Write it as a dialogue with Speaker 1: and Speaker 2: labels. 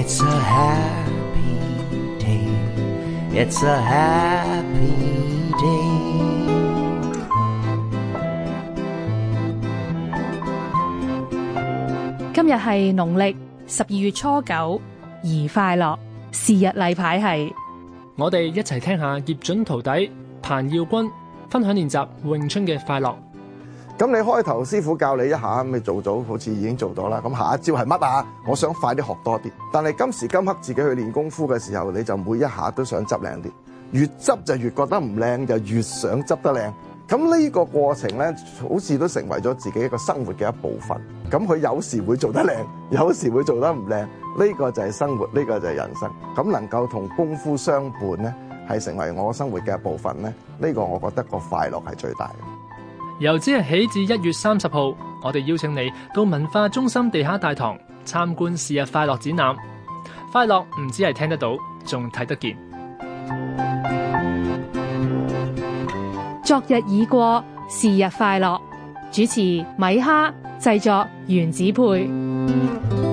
Speaker 1: It's a
Speaker 2: happy day.
Speaker 1: It's
Speaker 3: a happy day. 今日係農曆十二月初九，宜快樂。是日例牌係，
Speaker 1: 我哋一齊聽一下葉準徒弟彭耀鈞分享練習詠春嘅快樂。
Speaker 2: 咁你開頭師傅教你一下，你做到好似已經做到啦。咁下一招係乜啊？我想快啲學多啲。但係今時今刻自己去練功夫嘅時候，你就每一下都想執靚啲，越執就越覺得唔靚，就越想執得靚。咁呢個過程咧，好似都成為咗自己一個生活嘅一部分。咁佢有時會做得靚，有時會做得唔靚。呢個就係生活，呢個就係人生。咁能夠同功夫相伴咧，係成為我生活嘅一部分咧。呢個我覺得個快樂係最大嘅。
Speaker 1: 由即日起至一月三十號，我哋邀請你到文化中心地下大堂參觀是日快樂展覽。快樂唔止係聽得到，仲睇得見。
Speaker 3: 昨日已過，是日快樂。主持米哈，製作原子配。